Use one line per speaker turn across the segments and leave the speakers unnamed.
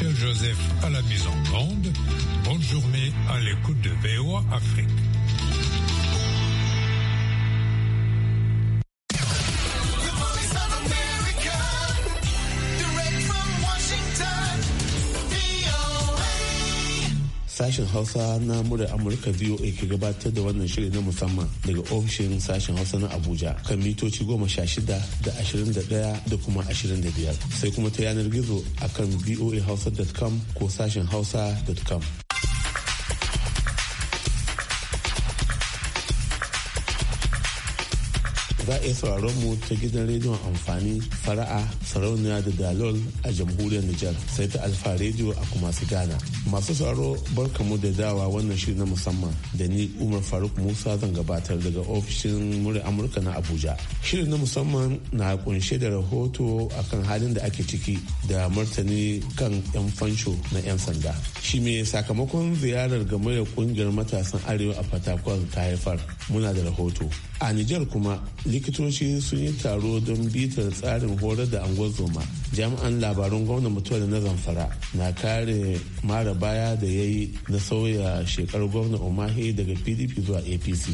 Michel Joseph à la mise en bande. Bonne journée à l'écoute de VOA Afrique.
sashen hausa na mura amurka voa ke gabatar da wannan shirin na musamman daga ofishin sashen hausa na abuja kan mitoci goma sha shida da ashirin da daya da kuma ashirin da biyar sai kuma ta yanar gizo a kan akan hausa.com ko sashen hausa.com za a iya sauraron mu ta gidan rediyon amfani fara'a sarauniya da dalol a jamhuriyar Nijar sai ta alfa rediyo a kuma su Ghana. Masu sauraro barka mu da dawa wannan shiri na musamman da ni Umar Faruk Musa zan gabatar daga ofishin murya Amurka na Abuja. shiri na musamman na kunshe da rahoto akan halin da ake ciki da martani kan 'yan fansho na 'yan sanda. Shi me sakamakon ziyarar game da kungiyar matasan Arewa a Fatakwal ta haifar muna da rahoto. A Nijar kuma likitoci sun yi taro don bitar tsarin horar da zoma jami'an labarun gwamnan mutuwar na zamfara na kare mara baya da ya yi na sauya shekarar gwamnan umahi daga pdp zuwa apc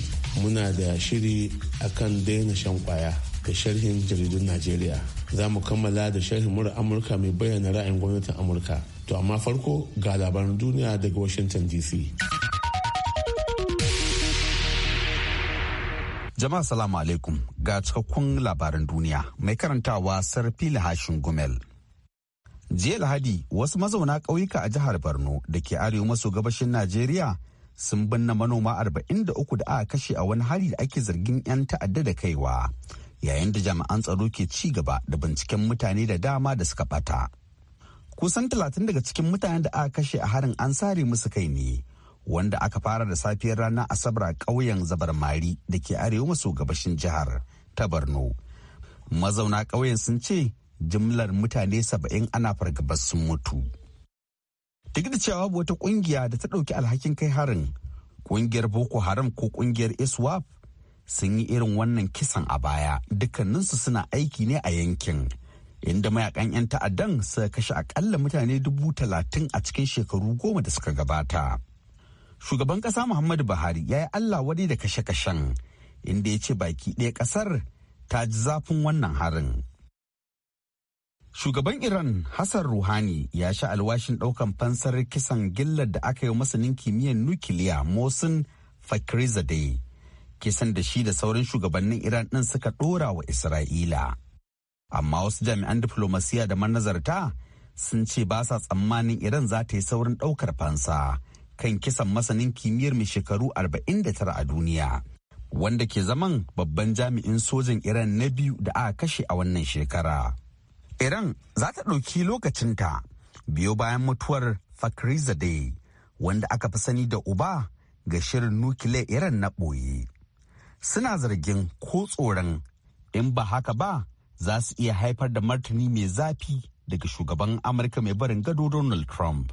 muna da shiri akan daina shan kwaya da sharhin jaridun najeriya za mu kammala da sharhin mura amurka mai bayyana ra'ayin gwamnatin amurka to amma farko ga labaran duniya daga washington dc
Jama'a salamu alaikum ga cikakkun labaran duniya mai karantawa sarfi hashin gumel. Jiya Lahadi wasu mazauna ƙauyuka a jihar Borno da ke arewa maso gabashin Najeriya sun binne manoma arba'in da uku da aka kashe a wani hari da ake zargin 'yan ta'adda da kaiwa yayin da jami'an tsaro ke ci gaba da binciken mutane da dama da suka bata. Kusan talatin daga cikin mutanen da aka kashe a harin an sare musu kai ne wanda aka fara da safiyar ranar asabar a ƙauyen zabarmari da ke arewa maso gabashin jihar ta borno mazauna ƙauyen sun ce jimlar mutane saba'in ana fargabar sun mutu duk da cewa wata ƙungiya da ta ɗauki alhakin kai harin ƙungiyar boko haram ko ƙungiyar iswap sun yi irin wannan kisan a baya dukkaninsu suna aiki ne a yankin inda mayakan 'yan ta'addan suka kashe akalla mutane dubu talatin a cikin shekaru goma da suka gabata. shugaban ƙasa muhammadu buhari ya yi allah wani da kashe-kashen inda ya ce baki ɗaya ƙasar ta ji zafin wannan harin shugaban iran hassan ruhani ya sha alwashin ɗaukan fansar kisan gillar da aka yi masanin kimiyyar nukiliya mosin fakirizadeh kisan da shi da sauran shugabannin iran ɗin suka ɗora wa isra'ila amma wasu jami'an diflomasiya da manazarta sun ce ba sa tsammanin iran za ta yi saurin ɗaukar fansa kan kisan masanin kimiyyar mai shekaru 49 a duniya wanda ke zaman babban jami'in sojin iran na biyu da aka kashe a wannan shekara iran za ta ɗauki lokacinta biyo bayan mutuwar fakhrizadeh wanda aka fi sani da uba ga shirin nukile iran na ɓoye suna zargin ko tsoron in ba haka ba za su iya haifar da martani mai zafi daga shugaban amurka mai barin gado donald trump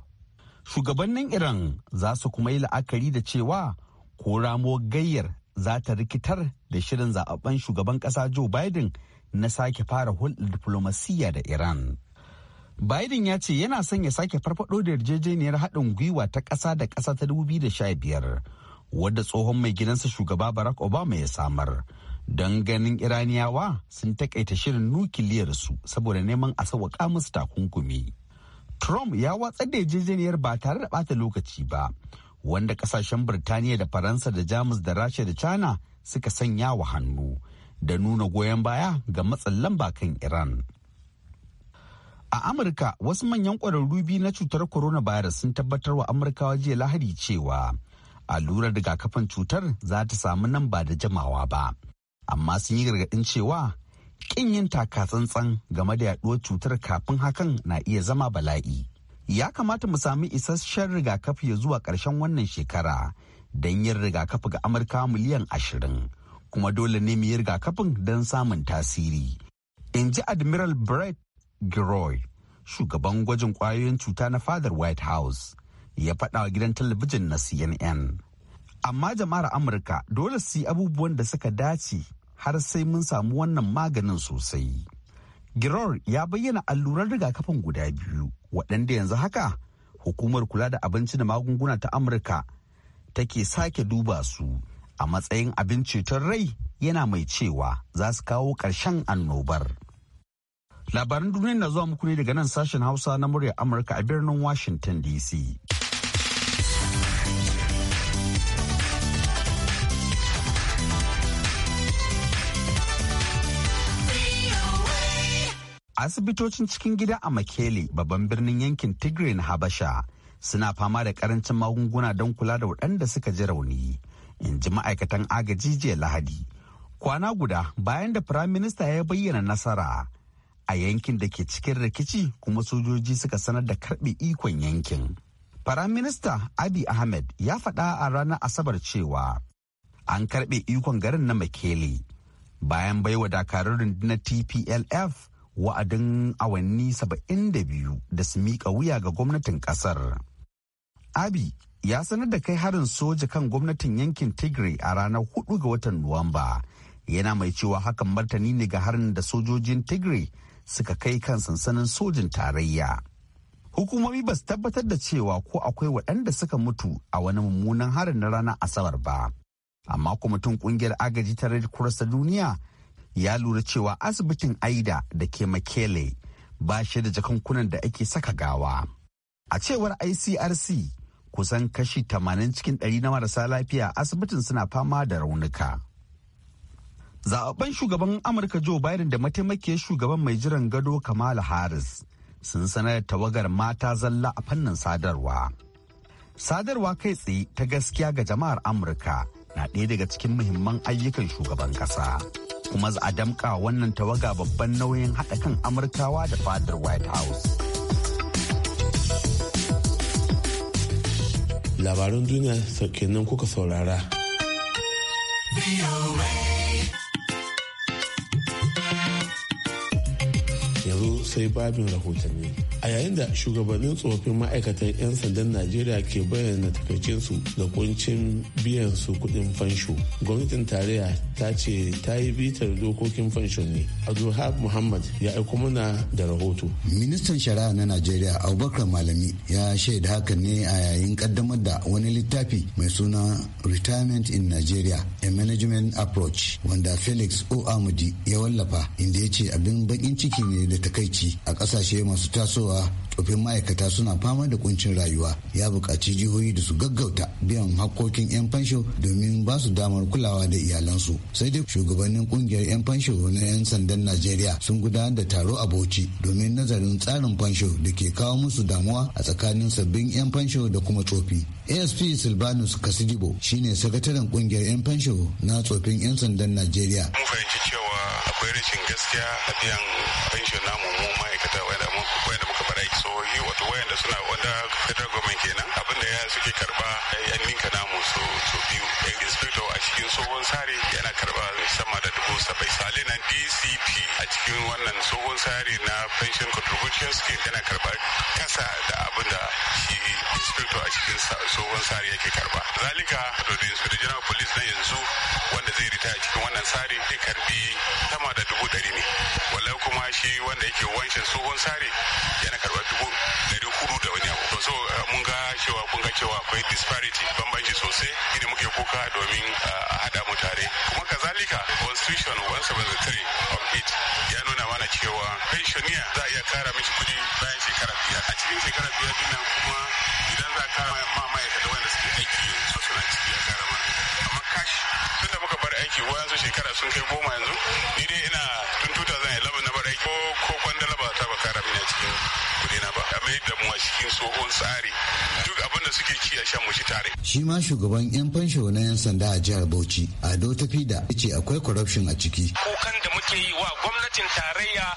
shugabannin iran za su kuma yi la'akari da cewa ko ramo gayyar za ta rikitar da shirin zaɓaɓɓen shugaban ƙasa joe biden na sake fara hulɗar diflomasiyya da iran biden ya ce yana son ya sake farfaɗo da yarjejeniyar haɗin gwiwa ta ƙasa da ƙasa ta 2015 wadda tsohon mai gidansa shugaba barack obama ya samar don ganin iraniyawa sun taƙaita shirin nukiliyarsu saboda neman a sauwaƙa musu takunkumi Trump ya watsar da yarjejeniyar ba tare da bata lokaci ba, wanda kasashen Birtaniya da Faransa da Jamus da Rasha da China suka sanya wa hannu da nuna goyon baya ga matsin lamba kan Iran. A Amurka, wasu manyan ƙwararru biyu na cutar corona coronavirus sun tabbatar wa Amurkawa jiya Lahadi cewa allurar rigakafin cutar za ta samu nan ba da jimawa ba. Amma sun yi gargaɗin cewa kin yin taka tsantsan game da yaduwar cutar kafin hakan na iya zama bala'i ya kamata mu sami isasshen rigakafi ya zuwa ƙarshen wannan shekara don yin rigakafi ga amurka miliyan ashirin kuma dole ne mu yi rigakafin don samun tasiri in ji admiral brett Geroy, shugaban gwajin ƙwayoyin cuta na fadar white house ya faɗa wa gidan talabijin na cnn amma jama'ar amurka dole su yi abubuwan da suka dace har sai mun samu wannan maganin sosai. Giror ya bayyana alluran rigakafin guda biyu waɗanda yanzu haka hukumar kula da abinci da magunguna ta Amurka take sake duba su a matsayin abin ceton rai yana mai cewa za su kawo ƙarshen annobar. Labaran duniya na zuwa muku ne daga nan sashen Hausa na murya Amurka a birnin Washington DC. asibitocin cikin gida a makele babban birnin yankin tigray na habasha suna fama da karancin magunguna don kula da waɗanda suka ji rauni in ji ma'aikatan agaji jiya lahadi kwana guda bayan da firaminista ya bayyana nasara a yankin da ke cikin rikici kuma sojoji suka sanar da karɓe ikon yankin firaminista abi ahmed ya faɗa a ranar asabar cewa an karɓe ikon garin na makele bayan baiwa dakarun rundunar tplf wa'adin awanni saba'in da biyu da su miƙa wuya ga gwamnatin ƙasar. Abi ya sanar da kai harin soja kan gwamnatin yankin Tigray a ranar 4 ga watan Nuwamba. Yana mai cewa hakan martani ne ga harin da sojojin Tigray suka kai kan sansanin sojin tarayya. Hukumomi ba su tabbatar da cewa ko akwai waɗanda suka mutu a wani mummunan harin na ranar Asabar ba. Amma tun ƙungiyar agaji ta Red Cross ta duniya ya lura cewa asibitin aida da ke makele ba shi da jakankunan da ake saka gawa a cewar icrc kusan kashi 80 cikin 100 na marasa lafiya asibitin suna fama da raunuka zababben shugaban amurka joe biden da mataimakiyar shugaban mai jiran gado kamala harris sun sanar da tawagar mata zalla a fannin sadarwa sadarwa kai tsaye ta gaskiya ga jama'ar amurka na ɗaya daga cikin muhimman ayyukan shugaban ƙasa. kuma za a damka wannan tawaga babban nauyin haɗa kan amurkawa da fadar white house
labaran duniya kenan kuka saurara. sai babin rahotanni a yayin da shugabannin tsofaffin ma'aikatan 'yan sandan najeriya ke bayyana takaicin su da kuncin biyan su kudin fansho gwamnatin tarayya ta ce ta yi bitar dokokin fansho ne abdulhab muhammad
ya aiko mana da rahoto ministan shari'a na najeriya abubakar malami ya shaida hakan ne a yayin kaddamar da wani littafi mai suna retirement in nigeria a management approach wanda felix o amudi ya wallafa inda ya ce abin bakin ciki ne da takaici a ƙasashe masu tasowa tsofaffin ma'aikata suna fama da kuncin rayuwa ya buƙaci jihohi da su gaggauta biyan hakkokin 'yan fansho domin ba su damar kulawa da iyalansu sai dai shugabannin kungiyar 'yan fansho na 'yan sandan najeriya sun gudanar da taro a bauchi domin nazarin tsarin fansho da ke kawo musu damuwa a tsakanin sabbin 'yan fansho da kuma tsofi asp silvanus kasidibo shine sakataren kungiyar 'yan fansho na tsofin 'yan sandan najeriya
fahimci cewa akwai rashin gaskiya a biyan fansho namu mu ma'aikata wadda muka jihohi wato wayanda suna wanda federal government kenan abin da ya suke karba yan ninka namu su su biyu inspector a cikin tsohon sare yana karba sama da dubu sabai sale na dcp a cikin wannan tsohon sare na pension contribution scheme yana karba kasa da abin da shi inspector a cikin tsohon sare yake karba zalika wato da inspector general police na yanzu wanda zai rita a cikin wannan sare zai karbi sama da dubu dari ne walau kuma shi wanda yake wancan tsohon sare yana karba hudu da wani abu so uh, mun ga cewa kun ga cewa akwai disparity bambanci sosai idan muke kuka domin uh, a mu tare kuma kazalika constitution 173 of it ya nuna mana cewa pensioner za a iya kara mishi kudi bayan shekara biyar a cikin shekara biyar din nan kuma idan za a kara ma ma'aikata wanda suke aiki yanzu suna ciki a kara ma amma tunda muka bar aiki wayansu shekara sun kai goma yanzu ni dai ina tun 2011 na bar aiki ko kwandala ba ta ba kara mini a cikin daina ba a mai da mu a cikin tsohon tsari duk abin da suke ci a shan mu tare.
shi ma shugaban yan fansho na yan sanda a jihar bauchi ado ta da ce akwai corruption a ciki.
kukan da muke yi wa
gwamnatin tarayya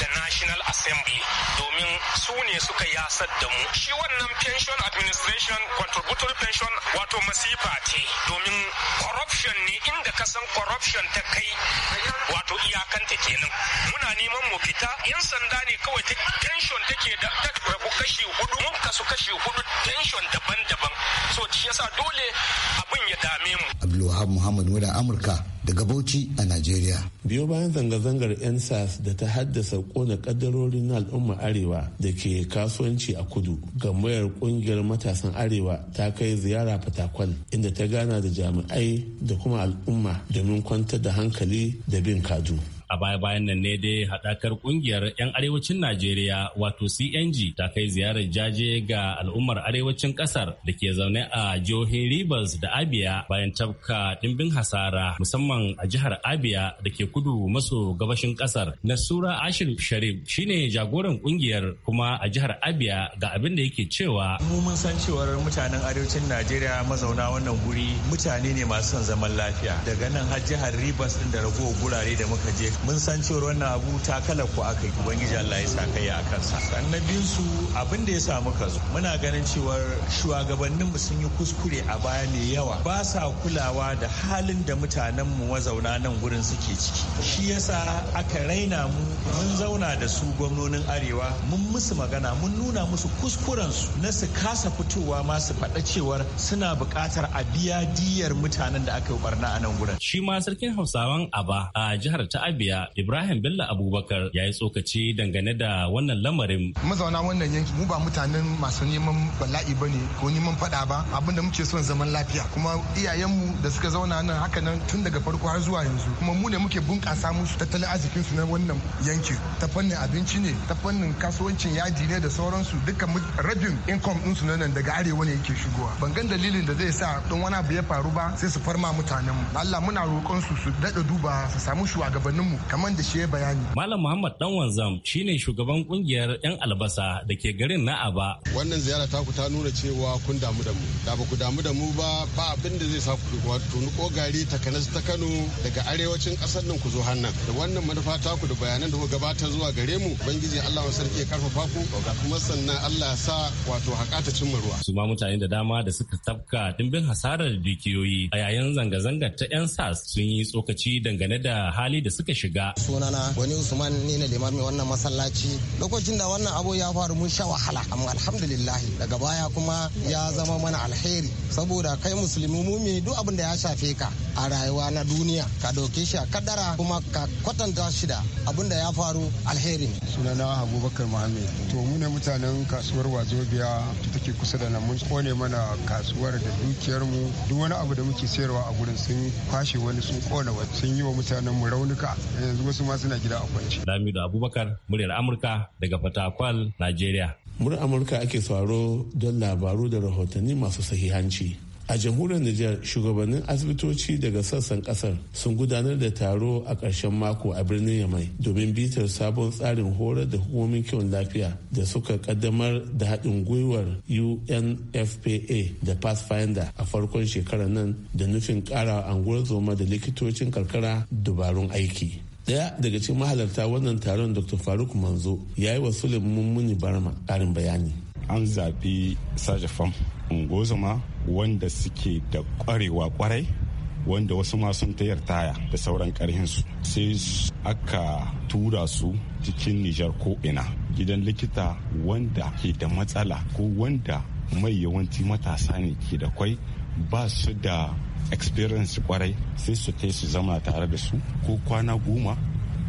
da national assembly domin su ne suka yasar da mu shi wannan pension administration contributory pension wato masifa ce domin corruption ne inda ka san corruption ta kai wato iyakanta kenan muna neman mu fita yan sanda ne kawai pension take da ta rabu kashi hudu
mun kasu kashi hudu tension daban-daban so shi yasa dole abin ya dame mu
Abdulwahab Muhammad wurin Amurka daga Bauchi a Najeriya biyo bayan zanga-zangar
NSAS da ta haddasa kona kaddarorin na al'umma arewa da ke kasuwanci a kudu gamayar kungiyar matasan arewa ta kai ziyara fatakwal inda ta gana da jami'ai da kuma al'umma domin kwantar da hankali da bin kadu
a baya-bayan nan ne dai haɗakar ƙungiyar 'yan arewacin najeriya wato cng ta kai ziyarar jaje ga al'ummar arewacin ƙasar da ke zaune a jihohin rivers da abia bayan tafka dimbin hasara musamman a jihar abia da ke kudu maso gabashin ƙasar nasura ashir sharif shine jagoran ƙungiyar kuma a jihar abia ga abin da yake cewa
mu mun san cewar mutanen arewacin najeriya mazauna wannan guri mutane
ne masu son zaman lafiya daga nan har jihar rivers ɗin da ragowar gurare da muka je mun san cewar wannan abu ta kala ko aka yi ubangiji Allah ya sa kai a kansa sannan biyun su abin da ya samu ka muna ganin cewar shugabannin mu sun yi kuskure a baya mai yawa ba sa kulawa da halin da mutanen mu mazauna nan gurin suke ciki shi yasa aka raina mu mun zauna da su gwamnonin arewa mun musu magana mun nuna musu kuskuren su na su kasa fitowa ma su faɗa cewar suna buƙatar a biya diyar
mutanen da aka yi barna a nan gurin shi ma sarkin hausawan aba a jihar ta abia Zaria Ibrahim Bello Abubakar ya yi tsokaci dangane da wannan lamarin.
Mazauna wannan yanki mu ba mutanen masu neman bala'i ba ne ko neman fada ba abinda muke son zaman lafiya kuma iyayenmu da suka zauna nan haka nan tun daga farko har zuwa yanzu kuma mu ne muke bunƙasa musu tattalin arzikin su na wannan yanki ta fannin abinci ne ta fannin kasuwancin yaji ne da sauransu duka rabin income ɗinsu na nan daga arewa ne yake shigowa ban gan dalilin da zai sa don wani abu ya faru ba sai su farma mutanenmu Allah muna roƙon su su daɗa duba su samu shugabanninmu kamar da shi ya bayani.
Malam Muhammad Dan Wanzam shine shugaban kungiyar 'yan albasa da ke garin na Aba.
Wannan ziyara ta ku ta nuna cewa kun damu da mu. Da ba ku damu da mu ba ba abin da zai sa ku wato ni kogari takanas ta Kano daga arewacin ƙasar nan ku zo hannan. Da wannan manufa ta ku
da bayanan da ku gabatar zuwa gare mu Ubangiji Allah wa sarki ya karfafa ku kuma sannan Allah ya sa
wato hakata cimma ruwa. Su ma mutane da dama da suka tafka dimbin hasarar dukiyoyi a yayin zanga-zangar ta 'yan sas sun yi tsokaci dangane da hali da suka shiga shiga.
Sunana wani Usman ne na limamin wannan masallaci. Lokacin da wannan abu ya faru mun sha wahala amma alhamdulillah daga baya kuma ya zama mana alheri saboda kai musulmi mu mumi duk abin da ya shafe ka a rayuwa na duniya ka dauke shi a kuma ka kwatanta shi da abin da ya faru alheri ne.
Sunana Abubakar Muhammad. To mu ne mutanen kasuwar Wazobia take kusa da nan mun kone mana kasuwar da dukiyarmu duk wani abu da muke sayarwa a gurin sun kwashe wani sun kona wa sun yi wa mutanen mu raunuka yanzu wasu ma suna gida a
kwance. Lamido Abubakar muryar Amurka daga Fatakwal, Najeriya.
Muryar Amurka ake sauraro don labaru da rahotanni masu sahihanci. A jamhuriyar Nijar shugabannin asibitoci daga sassan kasar sun gudanar da taro a ƙarshen mako a birnin Yamai domin bitar sabon tsarin horar da hukumomin kiwon lafiya da suka kaddamar da haɗin gwiwar UNFPA da Pathfinder a farkon shekarar nan da nufin ƙara anguwar zoma da likitocin karkara dubarun aiki. daya daga cikin mahalarta wannan taron dr faruk manzo ya yi wa suleiman muni barma karin bayani an zaɓi fam ungozuma wanda suke da ƙwarewa ƙwarai
wanda wasu masu sun tayar taya da sauran ƙarhinsu sai aka tura su cikin nijar ko ina gidan likita wanda ke da matsala ko wanda mai yawanci matasa ne ke da kwai ba su da experience kwarai sai su tai su zama tare da su ko kwana goma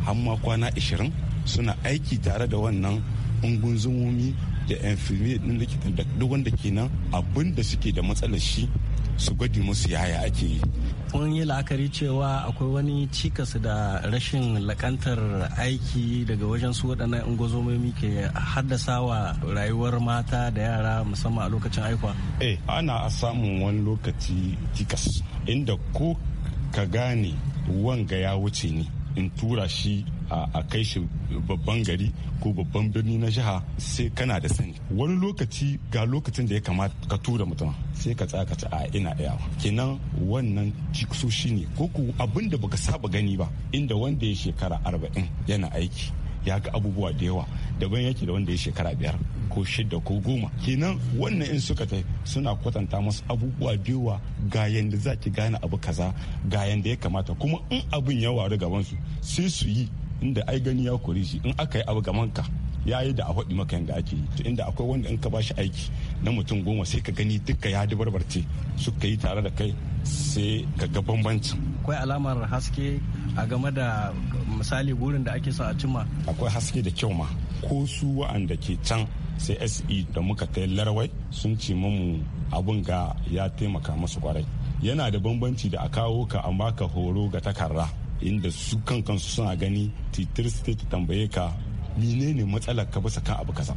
har ma kwana ashirin suna aiki tare da wannan ungunzumomi da infirmiyya din likitan da duk wanda ke nan abin da suke da matsalar shi su gwadi musu yaya ake yi
mun yi la'akari cewa akwai wani cikas da rashin lakantar aiki daga wajen su waɗannan ungozomomi ke haddasa wa rayuwar mata da yara musamman a lokacin aikwa?
Eh, ana samun wani lokaci cikas inda ko ka gane wanga ya wuce ne in tura shi a kai shi babban gari ko babban birni na jiha sai kana da sani wani lokaci ga lokacin da ya kamata ka tura mutum sai ka tsaya ka a ina iyawa kenan wannan jikso ne ko ku abin baka saba gani ba inda wanda ya shekara arba'in yana aiki ya ga abubuwa da yawa daban yake da wanda ya shekara biyar ko shida ko goma kenan wannan in suka tai suna kwatanta masu abubuwa da yawa ga yanda za ki gane abu kaza ga yanda ya kamata kuma in abin ya waru gabansu sai su yi inda ai gani ya kori shi in aka yi abu manka ya yi da a faɗi maka yadda ake yi to inda akwai wanda in ka bashi aiki na mutum goma sai ka gani duka ya dubarbarce suka yi tare da kai sai ka ga bambancin
akwai alamar haske a game da misali gurin da ake so a cimma akwai haske da kyau ma
ko su wa'anda ke can sai se da muka kai larawai sun ce mamu abun ga ya taimaka masu kwarai yana da bambanci da a kawo ka amma ka horo ga takarda. inda su kan kansu suna gani titir su ta tambaye ka menene matsalar ka bisa kan abu kasa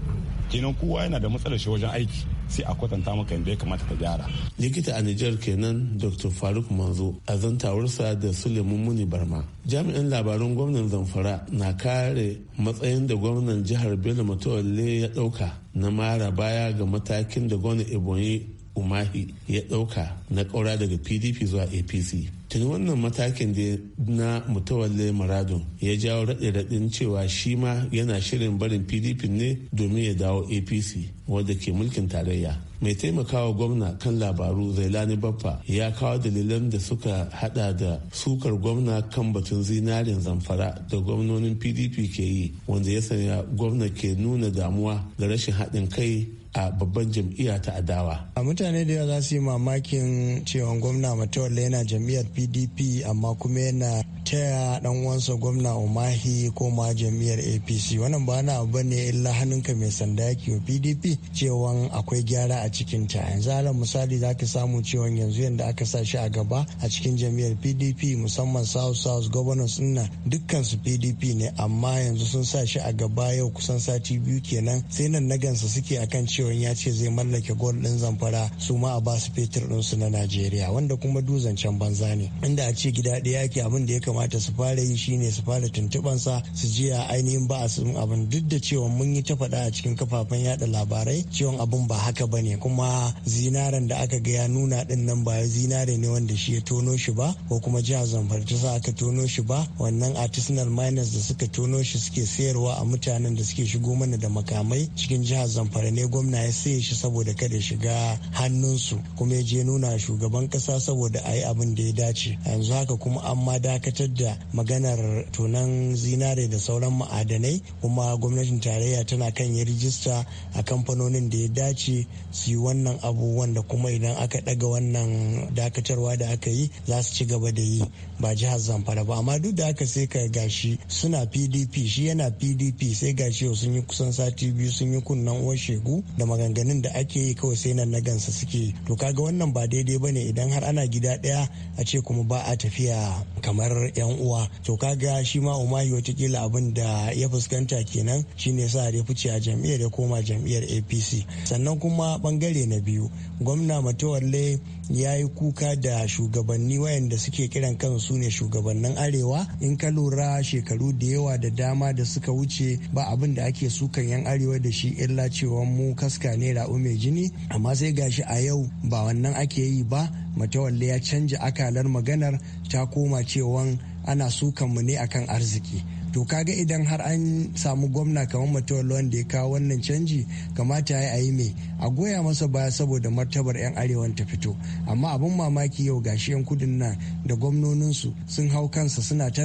kenan kowa yana da matsalar shi wajen aiki sai a kwatanta maka inda ya kamata ka
gyara likita a Nijar kenan Dr. Faruk Manzo a zantawarsa da Suleiman Muni Barma jami'in labarun gwamnan Zamfara na kare matsayin da gwamnan jihar Bello Matawalle ya dauka na mara baya ga matakin da gwamnan Ebonyi Umahi ya dauka na kaura daga PDP zuwa APC tuni wannan matakin da na mutawalle maradon ya jawo raɗe-raɗin cewa shi ma yana shirin barin pdp ne domin ya dawo apc wadda ke mulkin tarayya mai taimakawa gwamna kan labaru zailani baffa ya kawo dalilan da suka hada da sukar gwamna kan batun zinarin zamfara da gwamnonin pdp ke yi wanda ya sanya gwamna ke nuna damuwa da rashin haɗin kai a babban jam'iyya ta adawa.
A mutane da yawa za su yi mamakin cewa gwamna Matawalle yana jam'iyyar PDP amma kuma yana taya dan wansa gwamna umahi ko ma jam'iyyar apc wannan ba na abu ne illa hannunka mai sanda yake wa pdp cewa akwai gyara a cikin ta yanzu alal misali za ka samu cewa yanzu yadda aka sa shi a gaba a cikin jam'iyyar pdp musamman south south governors na dukkansu pdp ne amma yanzu sun sa shi a gaba yau kusan sati biyu kenan sai nan na gansa suke akan cewa ya ce zai mallake gol din zamfara su ma a basu su fetur din su na najeriya wanda kuma duzan can banza ne inda a ce gida ɗaya ke abin da ya kamata kamata su fara yi shine su fara tuntubansa su ji a ainihin ba a sun abin duk da cewa mun yi ta faɗa a cikin kafafen yada labarai cewa abin ba haka ba ne kuma zinaren da aka ga ya nuna din nan ba zinare ne wanda shi ya tono shi ba ko kuma jihar zamfara ta sa aka tono shi ba wannan artisanal miners da suka tono shi suke sayarwa a mutanen da suke shigo mana da makamai cikin jihar zamfara ne gwamna ya saye shi saboda kada shiga hannunsu kuma ya je nuna shugaban kasa saboda a abin da ya dace yanzu haka kuma an ma dakatar fitar da maganar tonan zinare da sauran ma'adanai kuma gwamnatin tarayya tana kan ya rijista a kamfanonin da ya dace su yi wannan abubuwan da kuma idan aka daga wannan dakatarwa da aka yi za su ci gaba da yi ba jihar zamfara ba amma duk da aka sai ka gashi suna pdp shi yana pdp sai gashi sun yi kusan sati biyu sun yi kunnan uwar shegu da maganganun da ake yi kawai sai nan na gansa suke to kaga wannan ba daidai ba ne idan har ana gida ɗaya a ce kuma ba a tafiya kamar yan uwa to kaga shi ma umahi watakila abin da ya fuskanta kenan shine sa da fice a jam'iyyar ya koma jam'iyyar apc sannan kuma bangare na biyu gwamna matawalle ya yi kuka da shugabanni wayanda suke kiran kansu ne shugabannin arewa in ka lura shekaru da yawa da dama da suka wuce ba abin da ake sukan yan arewa da shi illa cewa mu kaska ne ra'u mai jini amma sai gashi a yau ba wannan ake yi ba matawalle ya canja akalar maganar ta koma cewan ana sukan mu ne akan arziki to kaga idan har an samu gwamna kamar mutuwar wanda ya kawo wannan canji kamata ya yi mai a goya masa baya saboda martabar 'yan arewan ta fito amma abin mamaki yau gashi 'yan kudin nan da gwamnoninsu sun hau kansa suna ta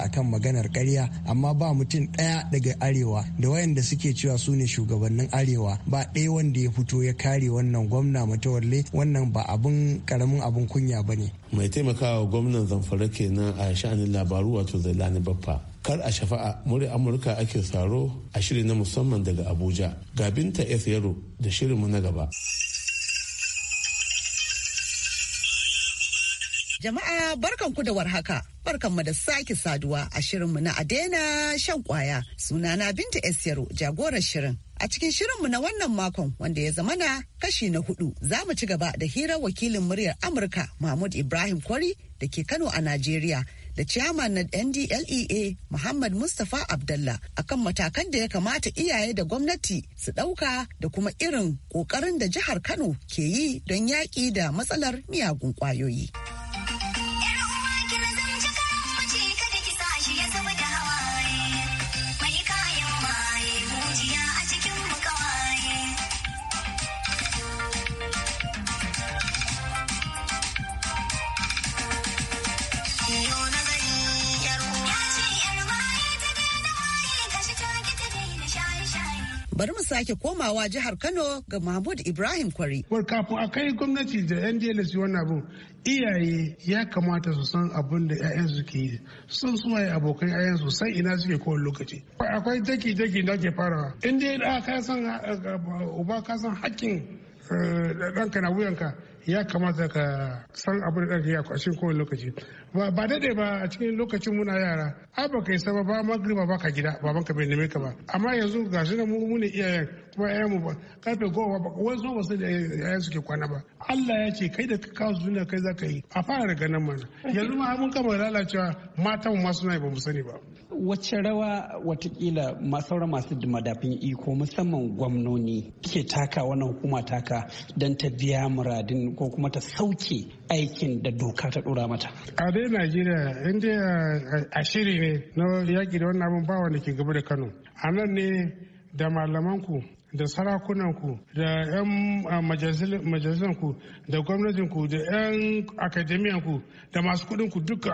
a kan maganar karya amma ba mutum ɗaya daga arewa da wayanda suke cewa su ne shugabannin arewa ba ɗaya wanda ya fito ya kare wannan gwamna matawalle wannan ba abin karamin abin kunya ba ne
mai taimakawa gwamnan zamfara kenan a sha'anin labaru wato zailani baffa kar a shafa'a murya amurka ake tsaro a shiri na musamman daga abuja ga binta s yaro da shirinmu na gaba
jama'a barkanku da warhaka barkanmu da sake saduwa a shirinmu na adena shan kwaya sunana binta s yaro jagorar shirin A cikin shirinmu na wannan makon wanda ya zamana kashi na hudu za mu ci gaba da hirar wakilin muryar Amurka Mahmud Ibrahim Kwari da ke Kano a Najeriya da chairman na ndlea muhammad mustapha abdallah akan matakan da ya kamata iyaye da gwamnati su ɗauka da kuma irin ƙoƙarin da jihar kano ke yi don yaƙi da matsalar miyagun ƙwayoyi. bari mu sake komawa jihar kano ga mahmud ibrahim kwari kafin a kai gwamnati da yan dlc wani abu iyaye ya
kamata su san abin da 'ya'yansu ke yi sun suwaye abokan 'ya'yansu san ina suke kowane lokaci akwai jaki daki da ke farawa in dai ka san uba ka san hakkin eh, ɗanka na wuyanka ya kamata ka san abin da ya a cikin kowane lokaci ba daɗe ba a cikin lokacin muna yara a ba kai sama ba magriba ba ka gida ba ka bai neme ka ba amma yanzu ga shi na mu ne iyayen kuma iyayen mu ba karfe goma ba wasu ba sai da iyayen suke kwana ba Allah ya ce kai da ka kawo kai za ka yi a fara daga mana yanzu ma mun kama lalacewa matan ma suna ba mu sani ba
wacce rawa watakila sauran masu madafin iko musamman gwamnoni ke taka wannan hukuma taka don ta biya muradin ko kuma ta sauke aikin da doka ta dora mata. A dai Najeriya
inda a shiri ne na yaƙi da wannan abin bawa da ke gaba da Kano. A nan ne da malamanku da sarakunanku da 'yan majalisanku da gwamnatinku da 'yan akademiyanku da masu kudinku duka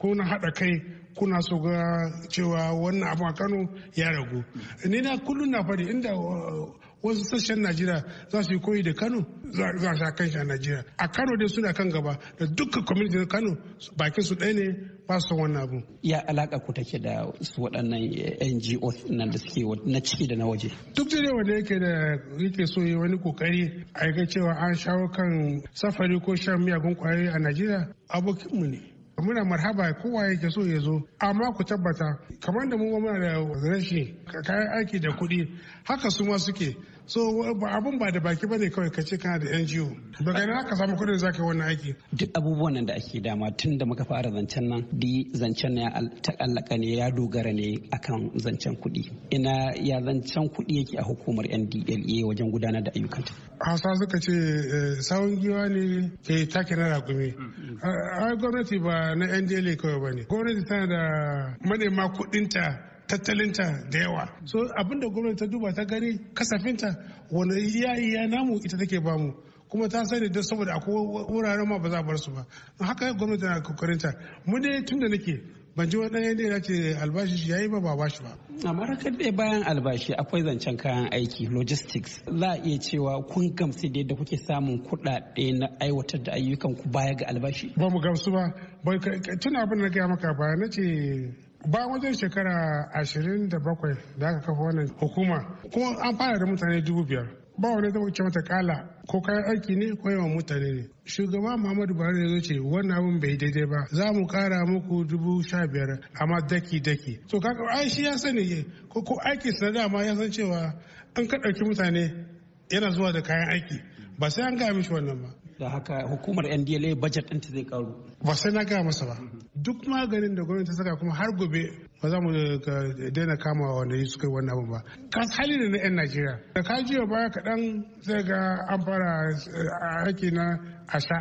ko na haɗa kai kuna so ga cewa wannan abu a kano ya ragu ni na kullum na faɗi inda uh, wasu sashen najeriya za su yi koyi da kano za su kan shi a najeriya a kano dai suna kan gaba da dukkan kwamitin kano bakin su ɗaya ne ba su wannan abu
ya alaka ku take da su waɗannan eh, ngo nan da suke na ciki da na waje
duk da wanda yake da yake so yi wani kokari a ga cewa an shawo kan safari ko shan miyagun kwayoyi a najeriya abokinmu ne muna marhaba kowa ke so ya zo amma ku tabbata kamar da mu muna da rashi kayan aiki da kuɗi haka su ma suke so abun ba da baki bane kawai ka ce kana da NGO daga nan ka samu
kudin zaka yi wannan aiki duk abubuwan nan da ake dama tun da muka fara zancen nan di zancen ya ta'allaka ne ya dogara ne akan zancen kuɗi ina ya zancen kuɗi yake a hukumar NDLA e wajen gudanar da ayyukanta
hausa suka ce eh, sawun giwa ne ke take na rakumi mm, mm, mm. a gwamnati ba na NDLA e kawai ba ne. gwamnati tana da manema kuɗinta tattalinta da yawa so abinda gwamnati ta duba ta gani kasafinta wani yayi ya namu ita take bamu kuma ta sani don saboda akwai wuraren ma ba za a bar su ba haka gwamnati na kokarinta mu ne tun da nake ban ji wani ɗaya ne ce albashi shi yayi ba ba bashi ba
amma rakar da bayan albashi akwai zancen kayan aiki logistics za a iya cewa kun gamsu da yadda kuke samun kuɗaɗe na aiwatar da ayyukan ku baya ga albashi ba mu gamsu
ba tun abin da na gaya maka ba na ce ba wajen shekara ashirin da bakwai da aka kafa wannan hukuma kuma an fara da mutane dubu biyar ba wani zama ce mata kala ko kayan aiki ne ko yawan mutane ne shugaba muhammadu buhari ya ce wannan abin bai daidai ba za mu kara muku dubu sha biyar amma daki daki to kaka ai shi ya sani ko ko aiki sa dama ya san cewa an ka ɗauki mutane yana zuwa da kayan aiki ba sai an gaya mishi wannan ba da haka hukumar ndla budget ɗinta zai karu ba sai na gaya masa ba mm-hmm. duk maganin da gwamnati saka kuma har gobe ba za mu daina kama wanda suka yi wannan abu ba kas hali ne na 'yan najeriya da ka jiya baya kaɗan sai ga an fara eh, aiki na asha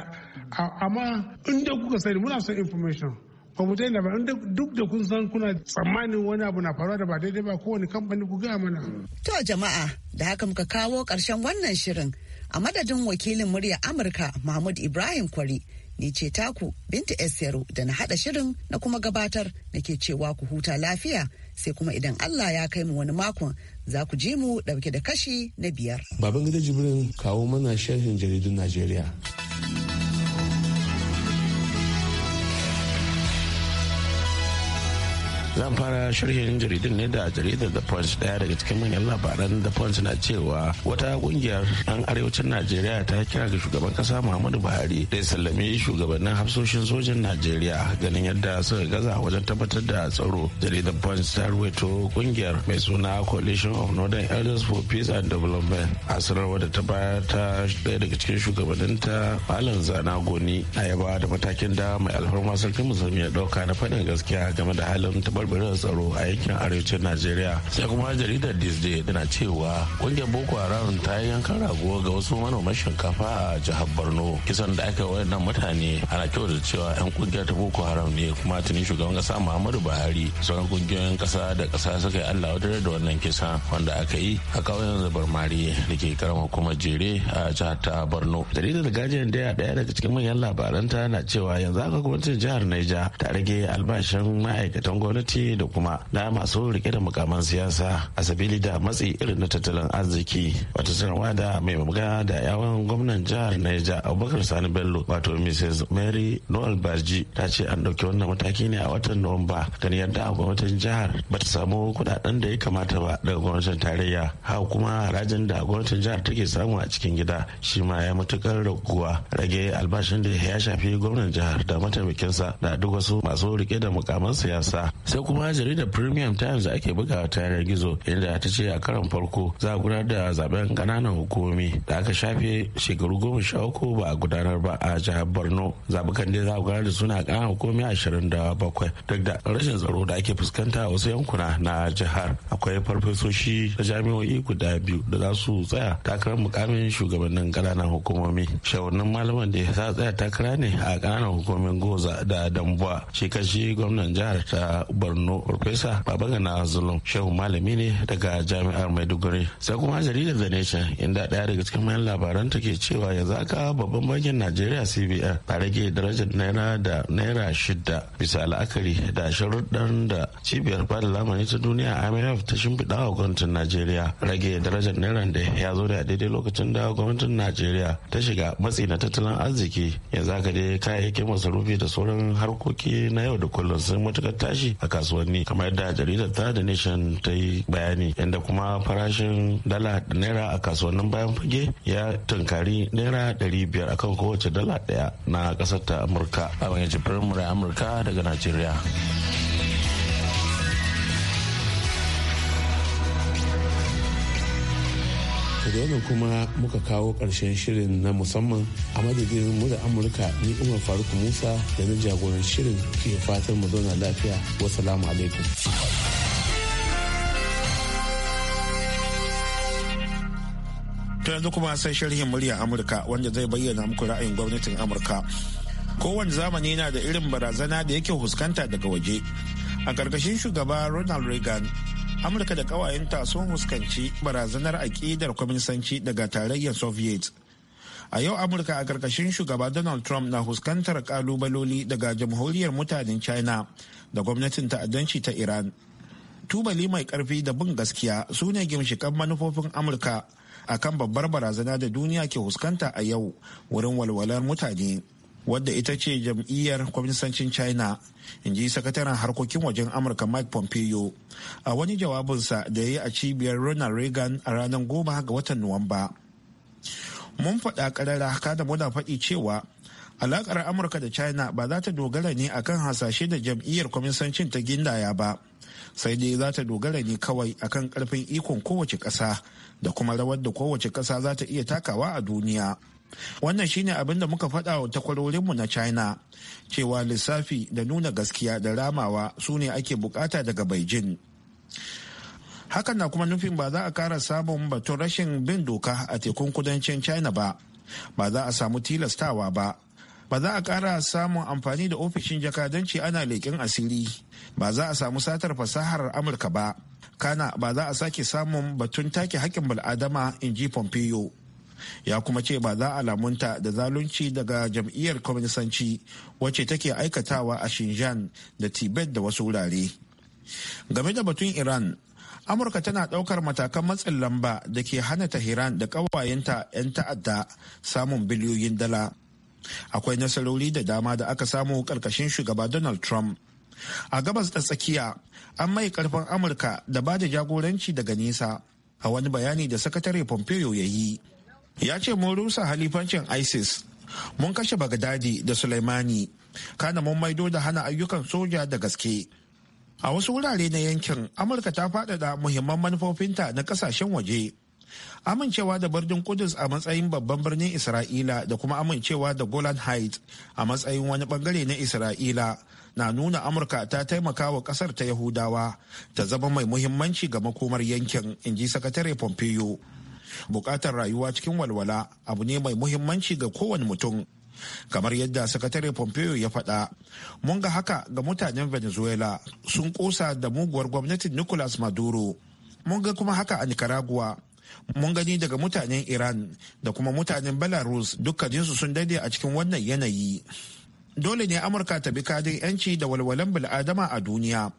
amma inda kuka sani muna son information ba mu daina ba duk da kun san kuna tsammanin wani abu na faruwa da ba
daidai ba kowane kamfani ku gaya mana. To jama'a da haka muka kawo ƙarshen wannan shirin a madadin wakilin murya Amurka Mahmud Ibrahim Kwari ni ce taku binta Esiyaru da na haɗa shirin na kuma gabatar nake cewa ku huta lafiya sai kuma idan Allah ya kai mu wani makon za ku ji mu ɗauke da kashi na biyar.
Baban gida Jibrin kawo mana sharhin jaridun Najeriya. zan fara sharhin jaridun ne da jaridar the punch daya daga cikin manyan labaran the punch na cewa wata kungiyar yan arewacin najeriya ta kira ga shugaban kasa muhammadu buhari da sallame shugabannin hafsoshin sojin najeriya ganin yadda suka gaza wajen tabbatar da tsaro jaridar punch ta ruwaito kungiyar mai suna coalition of northern elders for peace and development a sanarwar da ta bayar ta daya daga cikin shugabanninta malam zana goni a yaba da matakin da mai alfarma sarkin musulmi ya dauka na faɗin gaskiya game da halin tabar tabarbarar tsaro a yankin arewacin najeriya sai kuma jaridar disney tana cewa kungiyar boko haram ta yi yankan rago ga wasu manoman shinkafa a jihar borno kisan da aka yi mutane ana kyau da cewa yan kungiyar ta boko haram ne kuma tuni shugaban kasa muhammadu buhari sauran kungiyoyin kasa da kasa suka yi allah wadar da wannan kisa wanda aka yi a ƙauyen zabarmari da ke karamar kuma jere a jihar ta borno jaridar gajiyar daya daya daga cikin manyan labaranta na cewa yanzu haka gwamnatin jihar niger ta rage albashin ma'aikatan gwamnati ce da kuma na masu rike da mukaman siyasa a sabili da matsi irin na tattalin arziki wata sanarwa da mai magana da yawon gwamnan jihar naija abubakar sani bello wato mrs mary noel barji ta ce an ɗauki wannan mataki ne a watan nuwamba gani yadda gwamnatin jihar ba ta samu kuɗaɗen da ya kamata ba daga gwamnatin tarayya haka kuma harajin da gwamnatin jihar take samu a cikin gida shi ma ya matukar raguwa rage albashin da ya shafi gwamnan jihar da mataimakinsa da duk wasu masu rike da mukaman siyasa sai kuma jaridar premium times da ake buga ta yanar gizo inda ta ce a karan farko za a gudanar da zaben kananan hukumomi da aka shafe shekaru goma sha uku ba a gudanar ba a jihar borno zabukan dai za a gudanar da suna kananan hukumomi ashirin da bakwai duk da rashin tsaro da ake fuskanta a wasu yankuna na jihar akwai farfesoshi da jami'o'i guda biyu da za su tsaya takarar mukamin shugabannin kananan hukumomi shawarnin malaman da za tsaya takara ne a kananan hukumomin goza da dambuwa shi kashi gwamnan jihar ta borno profesa na zulum shehu malami ne daga jami'ar maiduguri sai kuma jaridar da nation inda daya daga cikin mayan labaran take cewa yanzu aka babban bankin najeriya cbn ta rage darajar naira da naira shida bisa la'akari da sharuɗan da cibiyar bada lamani ta duniya imf ta shimfiɗa wa gwamnatin najeriya rage darajar naira da ya zo da daidai lokacin da gwamnatin najeriya ta shiga matsi na tattalin arziki yanzu aka dai kayayyakin masarufi da sauran harkoki na yau da kullum sun matukar tashi a kasuwanni kamar yadda jaridar ta da nation ta yi bayani inda kuma farashin dala da naira a kasuwannin bayan fage ya tunkari naira ɗari biyar akan kowace dala ɗaya na ƙasar ta amurka a wani jibirin amurka daga najeriya da wannan kuma muka kawo ƙarshen shirin na musamman a madadin mu da amurka ni umar faruk musa da na jagoran shirin ke fatan mu zauna lafiya wasalamu alaikum
to yanzu kuma sai sharhin murya amurka wanda zai bayyana muku ra'ayin gwamnatin amurka kowane zamani na da irin barazana da yake fuskanta daga waje a ƙarƙashin shugaba ronald reagan amurka da ƙawayenta sun huskanci barazanar aƙidar kwaminsanci daga tarayyar soviet a yau amurka a ƙarƙashin shugaba donald trump na huskantar ƙalubaloli daga jamhuriyar mutanen china da gwamnatin ta'addanci ta iran tubali mai ƙarfi da bin gaskiya su ne gimshikan manufofin amurka a kan babbar barazana da duniya ke huskanta a yau wurin walwalar mutane wadda ita ce jam'iyyar kwamnisancin china in ji sakataren harkokin wajen amurka mike pompeo a wani jawabinsa da ya yi a cibiyar ronald reagan a ranar goma ga watan nuwamba mun faɗa ƙarara haka da muna faɗi cewa alaƙar amurka da china ba za ta dogara ne akan hasashe da jam'iyyar kwamisancin ta gindaya ba sai dai za ta dogara ne kawai akan karfin ikon kowace ƙasa da kuma rawar da kowace ƙasa za ta iya takawa a duniya wannan shine abin da muka faɗa wa takwarorinmu na china cewa lissafi da nuna gaskiya da ramawa su ne ake bukata daga beijing hakan na kuma nufin ba za a kara samun batun rashin bin doka a tekun kudancin china ba ba za a samu tilastawa ba ba za a kara samun amfani da ofishin jakadanci ana leƙen asiri ba za a samu satar fasahar amurka ba kana ba za a sake samun batun take haƙƙin bil'adama in ji pompeo ya kuma ce ba za a lamunta da zalunci daga jam'iyyar kwaminisanci wacce take aikatawa a Xinjiang da Tibet da wasu wurare. Game da batun Iran, Amurka tana ɗaukar matakan matsin lamba da ke hana Tehran da ƙawayenta 'yan ta'adda samun biliyoyin dala. Akwai nasarori da dama da aka samu karkashin shugaba Donald Trump. A gabas da tsakiya, an mai ƙarfin Amurka da ba da jagoranci daga nisa a wani bayani da Sakatare Pompeo ya yi. ya ce mun rusa halifancin isis mun kashe bagdadi da sulaimani kana mun maido da hana ayyukan soja da gaske a wasu wurare na yankin amurka ta faɗaɗa muhimman manufofinta na ƙasashen waje amincewa da birnin kudus a matsayin babban birnin isra'ila da kuma amincewa da golan heights a matsayin wani bangare na isra'ila na nuna amurka ta taimaka wa kasar ta yahudawa ta zama mai muhimmanci ga makomar yankin inji sakatare pompeo bukatar rayuwa cikin walwala abu ne mai muhimmanci ga kowane mutum kamar yadda sakatare pompeo ya faɗa mun ga haka ga mutanen venezuela sun kosa da muguwar gwamnatin nicolas maduro mun ga kuma haka a nicaragua mun gani daga mutanen iran da kuma mutanen belarus dukkaninsu sun dade a cikin wannan yanayi dole ne amurka ta bi kadin 'yanci da walwalan bil'adama a duniya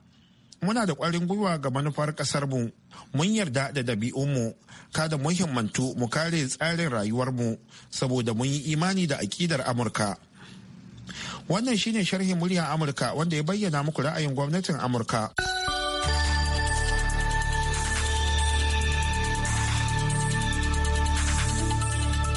muna da ƙwarin gwiwa ga manufar ƙasarmu mun yarda da ɗabi'unmu kada muhimmantu mu kare tsarin rayuwarmu saboda mun yi imani da aƙidar amurka wannan shine sharhin muryar amurka wanda ya bayyana muku ra'ayin gwamnatin amurka.